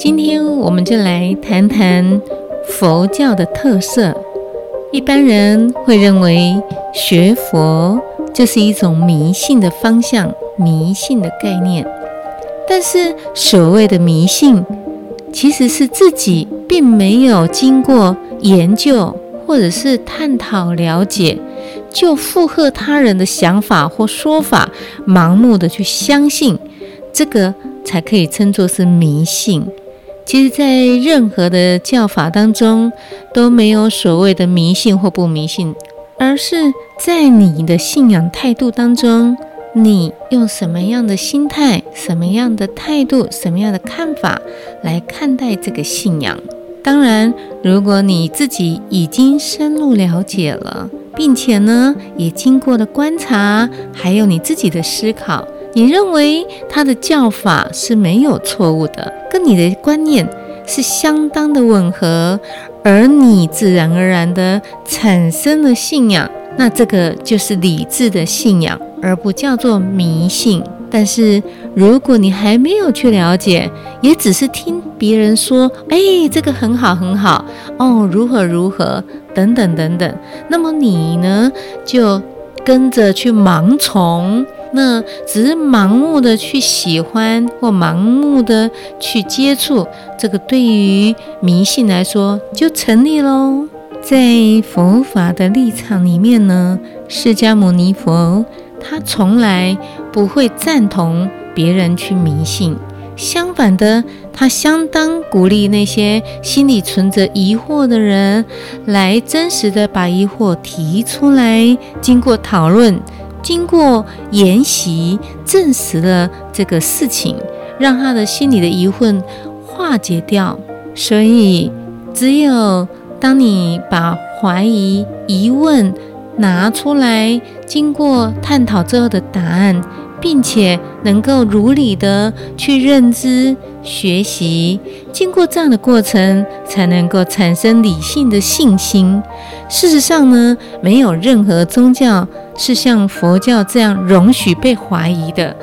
今天我們就來談談佛教的特色。一般人會認為學佛就是一種迷信的方向、迷信的概念。但是所謂的迷信，其實是自己並沒有經過研究或者是探討了解，就附和他人的想法或說法，盲目的去相信，這個才可以稱作是迷信。其實，在任何的教法當中，都沒有所謂的迷信或不迷信，而是在你的信仰態度當中，你用什麼樣的心態、什麼樣的態度、什麼樣的看法來看待這個信仰。當然，如果你自己已經深入了解了，並且呢，也經過了觀察，還有你自己的思考。你認為他的教法是沒有錯誤的，跟你的觀念是相當的吻合，而你自然而然的產生了信仰，那這個就是理智的信仰，而不叫做迷信。但是如果你還沒有去了解，也只是聽別人說，哎、欸，這個很好很好哦，如何如何等等等等，那麼你呢，就跟着去盲從。那只是盲目的去喜歡或盲目的去接觸，這個對於迷信來說就成立嘍。在佛法的立場裡面呢，釋迦牟尼佛他從來不會贊同別人去迷信，相反的，他相當鼓勵那些心裡存着疑惑的人來真實的把疑惑提出來，經過討論。經過研習，證實了這個事情，讓他的心裡的疑問化解掉。所以，只有當你把懷疑、疑問拿出來，經過探討之後的答案，並且能夠如理地去認知。學習經過這樣的過程，才能夠產生理性的信心。事實上呢，沒有任何宗教是像佛教這樣容許被懷疑的，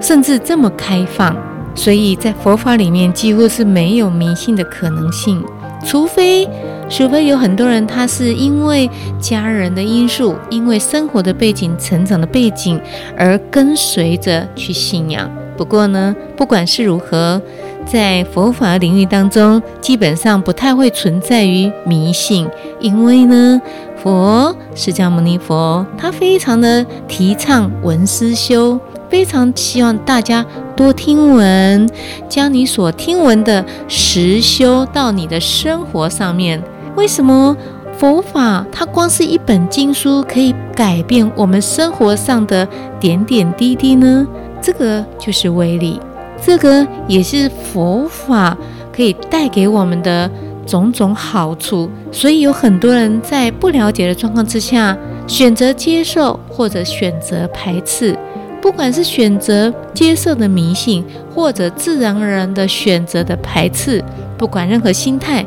甚至這麼開放。所以在佛法裡面，幾乎是沒有迷信的可能性，除非，除非有很多人他是因為家人的因素，因為生活的背景、成長的背景而跟隨着去信仰。不過呢，不管是如何，在佛法領域當中，基本上不太會存在於迷信，因為呢，佛釋迦牟尼佛他非常的提倡聞思修，非常希望大家多聽聞，將你所聽聞的實修到你的生活上面。為什麼佛法它光是一本經書可以改變我們生活上的點點滴滴呢？這個就是威力，這個也是佛法可以帶給我們的種種好處。所以有很多人在不了解的狀況之下，選擇接受或者選擇排斥。不管是選擇接受的迷信，或者自然而然的選擇的排斥，不管任何心態，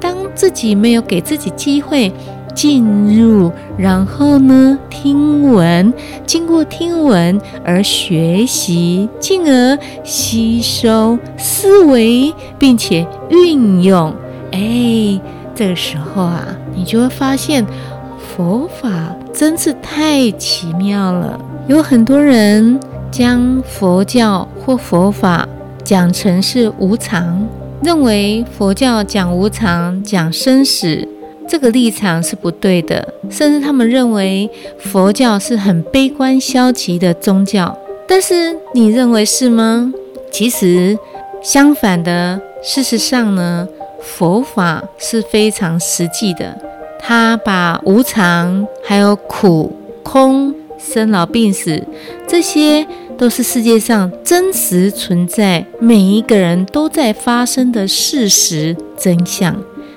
當自己沒有給自己機會。進入，然後呢，聽聞，經過聽聞而學習，進而吸收、思維，並且運用。哎，這個時候啊，你就會發現佛法真是太奇妙了。有很多人將佛教或佛法講成是無常，認為佛教講無常、講生死。這個立場是不對的，甚至他們認為佛教是很悲觀消極的宗教，但是你認為是嗎？其實相反的，事實上呢，佛法是非常實際的，它把無常、還有苦、空、生老病死，這些都是世界上真實存在，每一個人都在發生的事實真相。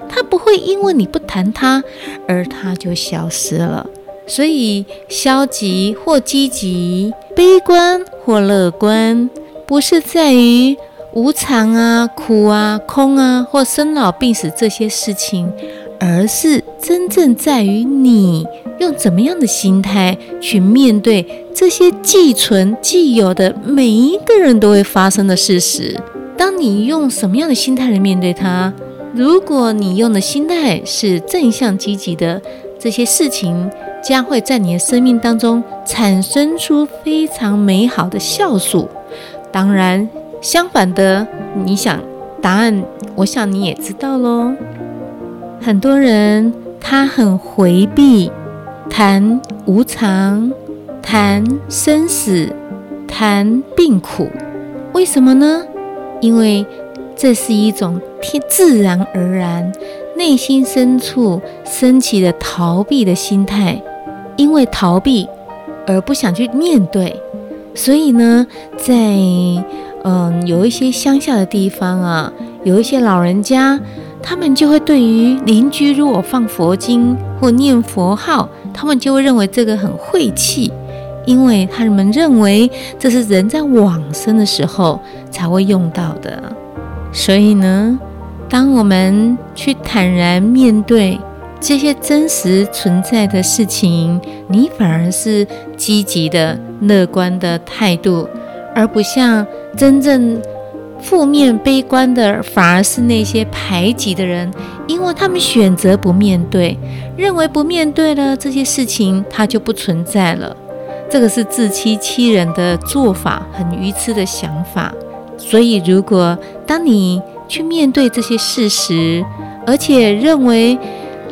它不會因為你不談它而它就消失了，所以消極或積極、悲觀或樂觀，不是在於無常啊、苦啊、空啊或生老病死這些事情，而是真正在於你用怎麼樣的心態去面對這些既存既有的每一個人都會發生的事實。當你用什麼樣的心態來面對它？如果你用的心態是正向積極的，這些事情將會在你的生命當中產生出非常美好的效數。當然，相反的，你想答案，我想你也知道嘍。很多人他很回避談無常、談生死、談病苦，為什麼呢？因為。這是一種天自然而然、內心深處升起的逃避的心態，因為逃避而不想去面對，所以呢，在嗯、呃、有一些鄉下的地方啊，有一些老人家，他們就會對於鄰居如果放佛經或念佛號，他們就會認為這個很晦氣，因為他們認為這是人在往生的時候才會用到的。所以呢，當我們去坦然面對這些真實存在的事情，你反而是積極的、樂觀的態度，而不像真正負面、悲觀的，反而是那些排擠的人，因為他們選擇不面對，認為不面對了這些事情，它就不存在了。這個是自欺欺人的做法，很愚癡的想法。所以，如果當你去面對這些事實，而且認為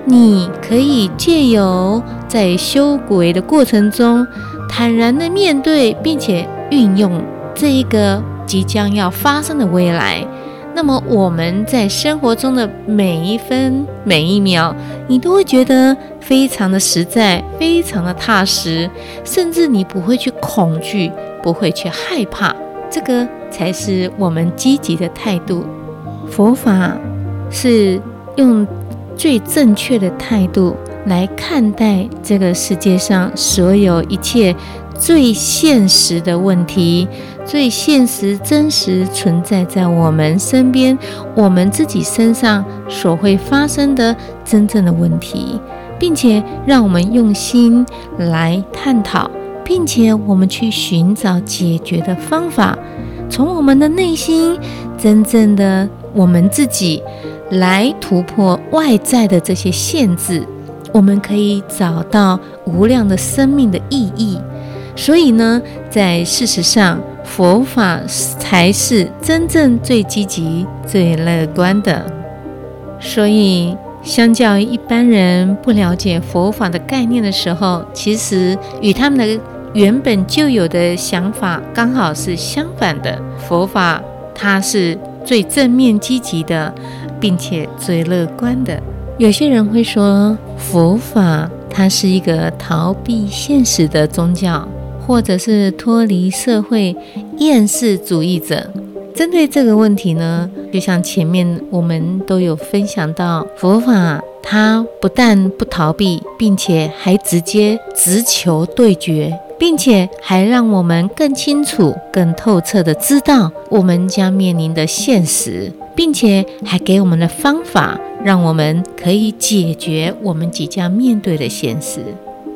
你可以借由在修鬼的過程中坦然的面對，並且運用這一個即將要發生的未來，那麼我們在生活中的每一分每一秒，你都會覺得非常的實在，非常的踏實，甚至你不會去恐懼，不會去害怕這個。才是我們積極的態度。佛法是用最正確的態度來看待這個世界上所有一切最現實的問題，最現實、真實存在在我們身邊、我們自己身上所會發生的真正的問題，並且讓我們用心來探討，並且我們去尋找解決的方法。從我們的內心，真正的我們自己，來突破外在的這些限制，我們可以找到無量的生命的意義。所以呢，在事實上，佛法才是真正最積極、最樂觀的。所以，相較於一般人不了解佛法的概念的時候，其實與他們的。原本就有的想法剛好是相反的。佛法它是最正面積極的，並且最樂觀的。有些人會說佛法它是一個逃避現實的宗教，或者是脫離社會厭世主義者。針對這個問題呢，就像前面我們都有分享到，佛法它不但不逃避，並且還直接直球對決。並且還讓我們更清楚、更透徹地知道我們將面臨的現實，並且還給我們的方法，讓我們可以解決我們即將面對的現實。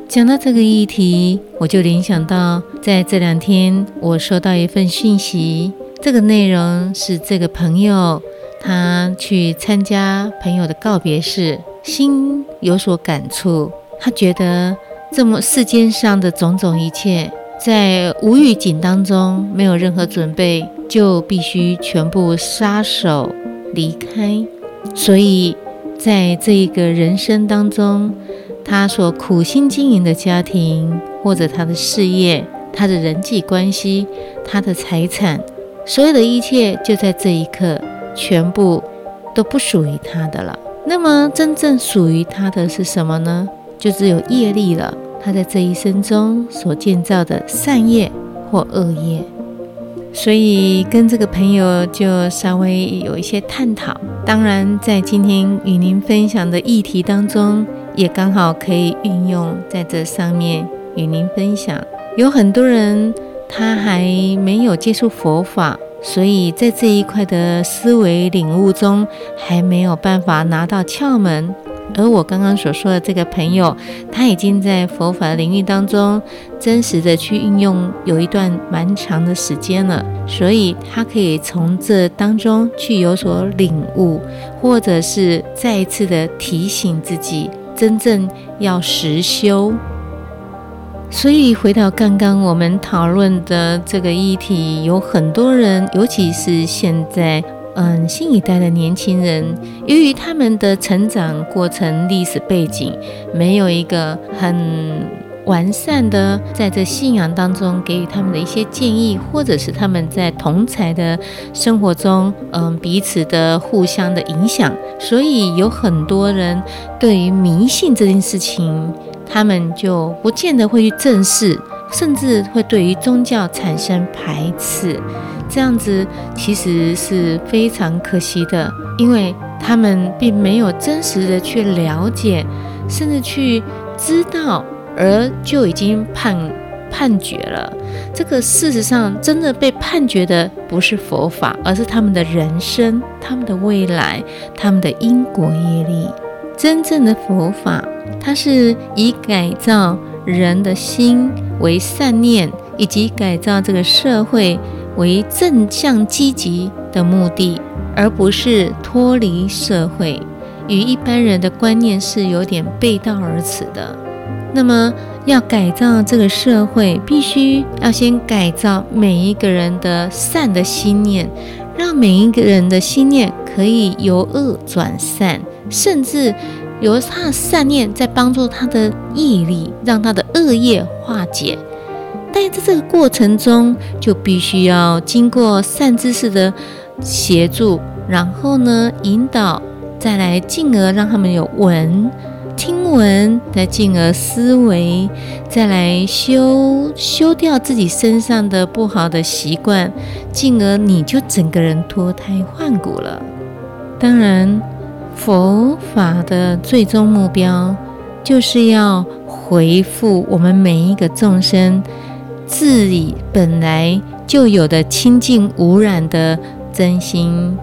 講到這個議題，我就聯想到在這兩天，我收到一份訊息，這個內容是這個朋友他去參加朋友的告別式，心有所感觸，他覺得。這麼世間上的種種一切，在無預警當中沒有任何準備，就必須全部撒手離開。所以，在這一個人生當中，他所苦心經營的家庭，或者他的事業、他的人際關係、他的財產，所有的一切，就在這一刻全部都不屬於他的了。那麼，真正屬於他的是什麼呢？就只有業力了。他在這一生中所建造的善業或惡業，所以跟這個朋友就稍微有一些探討。當然，在今天與您分享的議題當中，也剛好可以運用在這上面與您分享。有很多人他還沒有接觸佛法，所以在這一塊的思維領悟中還沒有辦法拿到竅門。而我剛剛所說的這個朋友，他已經在佛法領域當中真實的去運用，有一段蠻長的時間了，所以他可以從這當中去有所領悟，或者是再一次的提醒自己，真正要實修。所以回到剛剛我們討論的這個議題，有很多人，尤其是現在。嗯，新一代的年輕人，由於他們的成長過程、歷史背景，沒有一個很完善的在這信仰當中給予他們的一些建議，或者是他們在同儕的生活中，嗯，彼此的互相的影響，所以有很多人對於迷信這件事情，他們就不見得會去正視，甚至會對於宗教產生排斥。這樣子其實是非常可惜的，因為他們並沒有真實的去了解，甚至去知道，而就已經判判決了。這個事實上，真的被判決的不是佛法，而是他們的人生、他們的未來、他們的因果業力。真正的佛法，它是以改造人的心為善念，以及改造這個社會。為正向積極的目的，而不是脫離社會，與一般人的觀念是有點背道而馳的。那麼，要改造這個社會，必須要先改造每一個人的善的心念，讓每一個人的心念可以由惡轉善，甚至由他的善念在幫助他的毅力，讓他的惡業化解。在這個過程中，就必須要經過善知識的協助，然後呢，引導，再來進而讓他們有聞聽聞，再進而思維，再來修修掉自己身上的不好的習慣，進而你就整個人脫胎換骨了。當然，佛法的最終目標就是要恢復我們每一個眾生。自理本來就有的清淨無染的真心，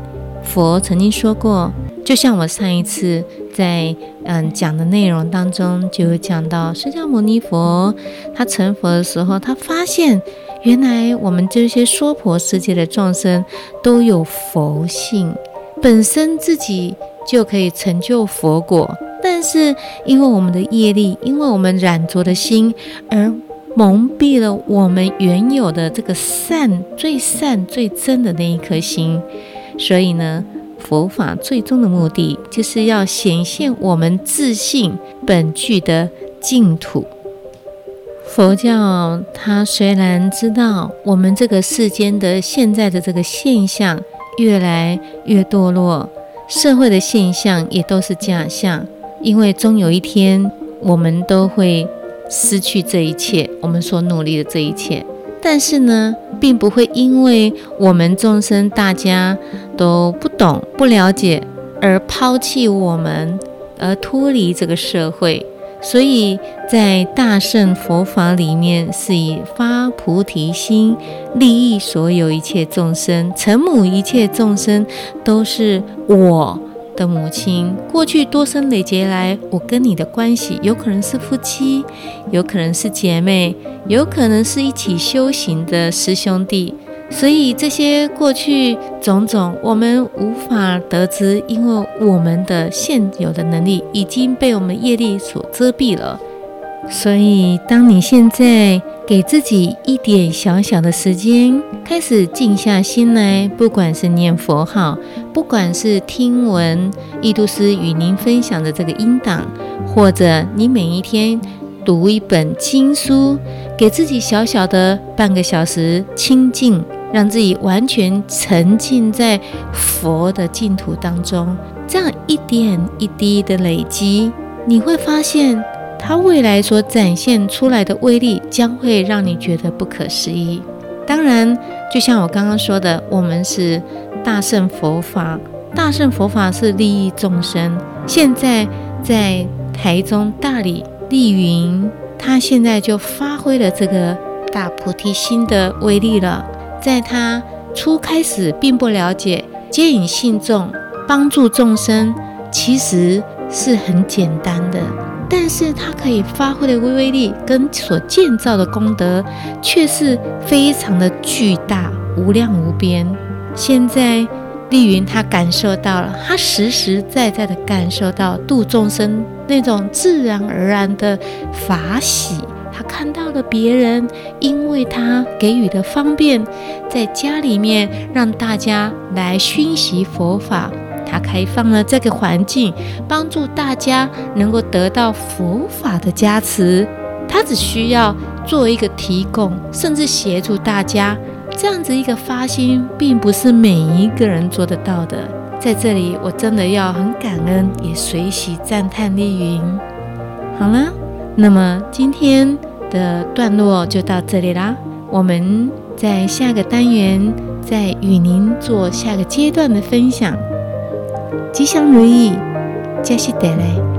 佛曾經說過，就像我上一次在嗯講的內容當中就有講到，釋迦牟尼佛他成佛的時候，他發現原來我們這些娑婆世界的眾生都有佛性，本身自己就可以成就佛果，但是因為我們的業力，因為我們染着的心而。蒙蔽了我們原有的這個善、最善、最真的那一顆心，所以呢，佛法最終的目的就是要顯現我們自性本具的淨土。佛教它雖然知道我們這個世間的現在的這個現象越來越墮落，社會的現象也都是假象，因為終有一天我們都會。失去這一切，我們所努力的這一切，但是呢，並不會因為我們眾生大家都不懂、不了解而拋棄我們，而脫離這個社會。所以在大乘佛法裡面，是以發菩提心，利益所有一切眾生，成母一切眾生都是我的母親過去多生累劫來，我跟你的關係有可能是夫妻，有可能是姐妹，有可能是一起修行的師兄弟。所以這些過去種種，我們無法得知，因為我們的現有的能力已經被我們業力所遮蔽了。所以，當你現在給自己一點小小的時間，開始靜下心來，不管是念佛號，不管是聽聞義度師與您分享的這個音檔，或者你每一天讀一本經書，給自己小小的半個小時清淨，讓自己完全沉浸在佛的淨土當中，這樣一點一滴的累積，你會發現。他未來所展現出來的威力，將會讓你覺得不可思議。當然，就像我剛剛說的，我們是大乘佛法，大乘佛法是利益眾生。現在在台中、大理、麗雲，他現在就發揮了這個大菩提心的威力了。在他初開始並不了解，接引信眾、幫助眾生，其實是很簡單的。但是他可以發揮的微微力跟所建造的功德，卻是非常的巨大，無量無邊。現在麗雲她感受到了，她實實在在地感受到度眾生那種自然而然的法喜。她看到了別人，因為他給予的方便，在家裡面讓大家來熏習佛法。他開放了這個環境，幫助大家能夠得到佛法的加持。他只需要做一個提供，甚至協助大家這樣子一個發心，並不是每一個人做得到的。在這裡，我真的要很感恩，也隨喜讚歎麗雲。好啦，那麼今天的段落就到這裡啦。我們在下個單元再與您做下個階段的分享。吉祥如意，接喜帶來。